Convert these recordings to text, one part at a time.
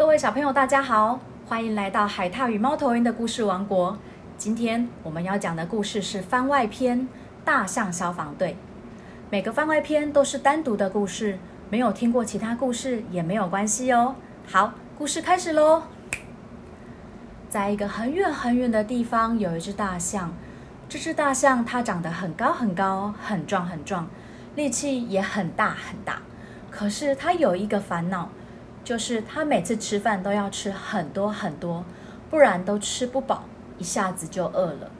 各位小朋友，大家好，歡迎來到海獺與貓頭鷹的故事王國。今天我們要講的故事是番外篇《大象消防隊》。每個番外篇都是單獨的故事，沒有聽過其他故事也沒有關係哦。好，故事開始嘍。在一個很遠很遠的地方，有一隻大象。這隻大象它長得很高很高，很壯很壯，力氣也很大很大。可是它有一個煩惱。就是他每次吃飯都要吃很多很多，不然都吃不飽，一下子就餓了。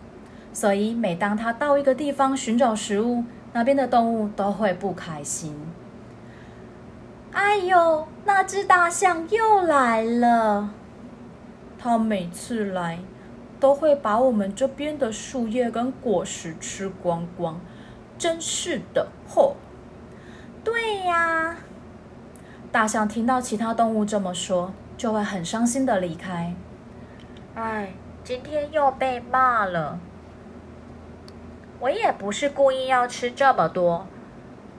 所以每當他到一個地方尋找食物，那邊的動物都會不開心。哎呦，那隻大象又來了！他每次來都會把我們這邊的樹葉跟果實吃光光，真是的吼、哦。對呀、啊。大象聽到其他動物這麼說，就會很傷心的離開。哎，今天又被罵了。我也不是故意要吃這麼多，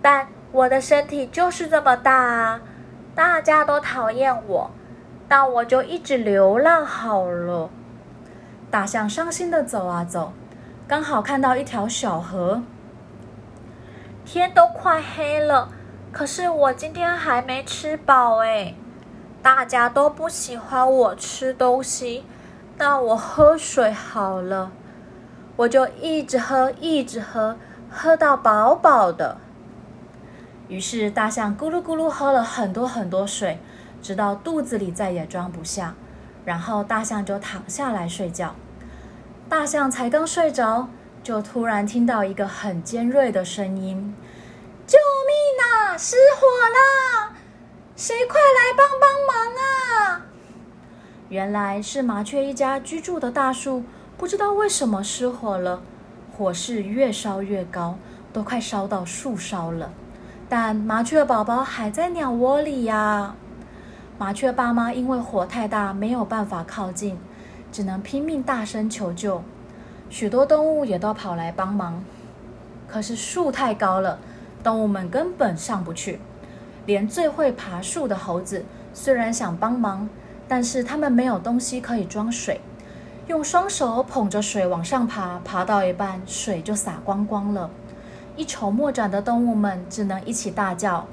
但我的身體就是這麼大啊！大家都討厭我，那我就一直流浪好了。大象傷心的走啊走，剛好看到一條小河。天都快黑了。可是我今天還沒吃飽哎，大家都不喜歡我吃東西，那我喝水好了，我就一直喝一直喝，喝到飽飽的。於是大象咕嚕咕嚕喝了很多很多水，直到肚子裡再也裝不下，然後大象就躺下來睡覺。大象才剛睡着，就突然聽到一個很尖銳的聲音，就。啊，失火了！誰快來幫幫忙啊！原來是麻雀一家居住的大樹，不知道為什麼失火了，火勢越燒越高，都快燒到樹梢了。但麻雀寶寶還在鳥窩裡呀、啊。麻雀爸媽因為火太大，沒有辦法靠近，只能拼命大聲求救。許多動物也都跑來幫忙，可是樹太高了。動物們根本上不去，連最會爬樹的猴子雖然想幫忙，但是他們沒有東西可以裝水，用雙手捧着水往上爬，爬到一半水就灑光光了。一籌莫展的動物們只能一起大叫：“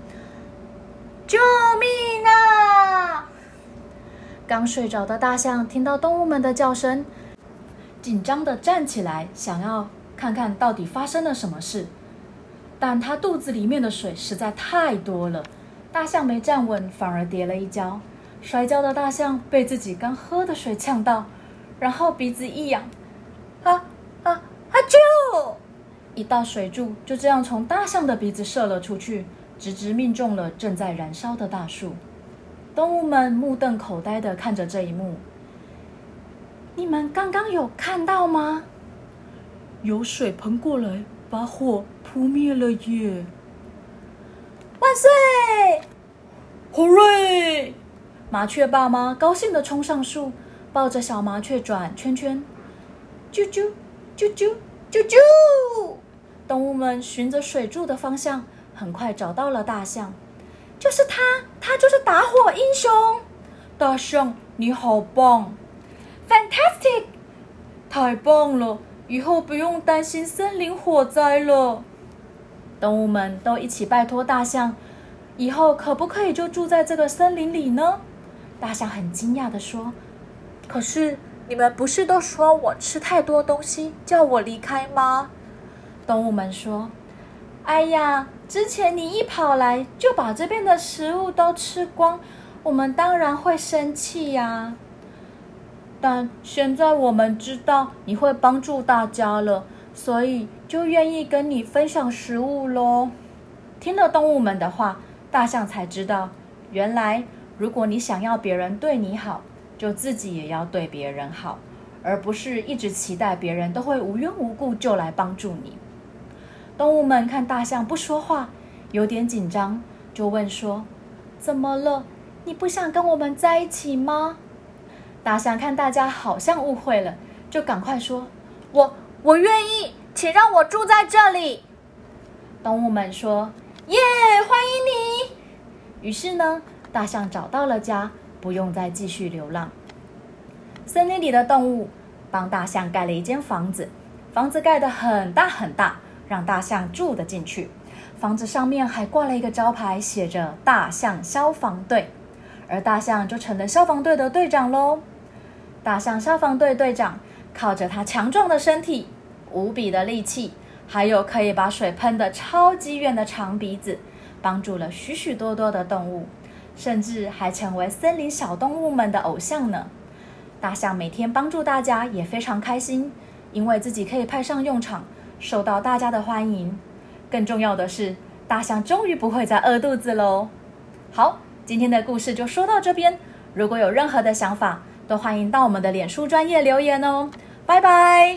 救命啊！”剛睡着的大象聽到動物們的叫聲，緊張地站起來，想要看看到底發生了什麼事。但他肚子裡面的水實在太多了，大象沒站穩，反而跌了一跤。摔跤的大象被自己剛喝的水嗆到，然後鼻子一仰，啊啊啊！啾、啊、一道水柱就這樣從大象的鼻子射了出去，直直命中了正在燃燒的大樹。動物們目瞪口呆的看着這一幕，你們剛剛有看到嗎？有水噴過來，把火。撲滅了耶！萬歲！Hooray！麻雀爸媽高興的衝上樹，抱着小麻雀轉圈圈。啾啾啾啾啾啾！動物們循着水柱的方向，很快找到了大象。就是他，他就是打火英雄。大象，你好棒！Fantastic！太棒了，以後不用擔心森林火災了。動物們都一起拜託大象，以後可不可以就住在這個森林裡呢？大象很驚訝的說：“可是你們不是都說我吃太多東西，叫我離開嗎？”動物們說：“哎呀，之前你一跑來就把這邊的食物都吃光，我們當然會生氣呀。但現在我們知道你會幫助大家了，所以。”就願意跟你分享食物嘍。聽了動物們的話，大象才知道，原來如果你想要別人對你好，就自己也要對別人好，而不是一直期待別人都會無緣無故就來幫助你。動物們看大象不說話，有點緊張，就問說：“怎麼了？你不想跟我們在一起嗎？”大象看大家好像誤會了，就趕快說：“我我願意。”請讓我住在這裡，動物們說：“耶，歡迎你！”於是呢，大象找到了家，不用再繼續流浪。森林裡的動物幫大象蓋了一間房子，房子蓋得很大很大，讓大象住得進去。房子上面還掛了一個招牌，寫着“大象消防隊”，而大象就成了消防隊的隊長嘍。大象消防隊隊長靠着他強壯的身體。無比的力氣，還有可以把水噴得超級遠的長鼻子，幫助了許許多多的動物，甚至還成為森林小動物們的偶像呢。大象每天幫助大家也非常開心，因為自己可以派上用場，受到大家的歡迎。更重要的是，大象終於不會再餓肚子嘍。好，今天的故事就說到這邊。如果有任何的想法，都歡迎到我們的臉書專頁留言哦。拜拜。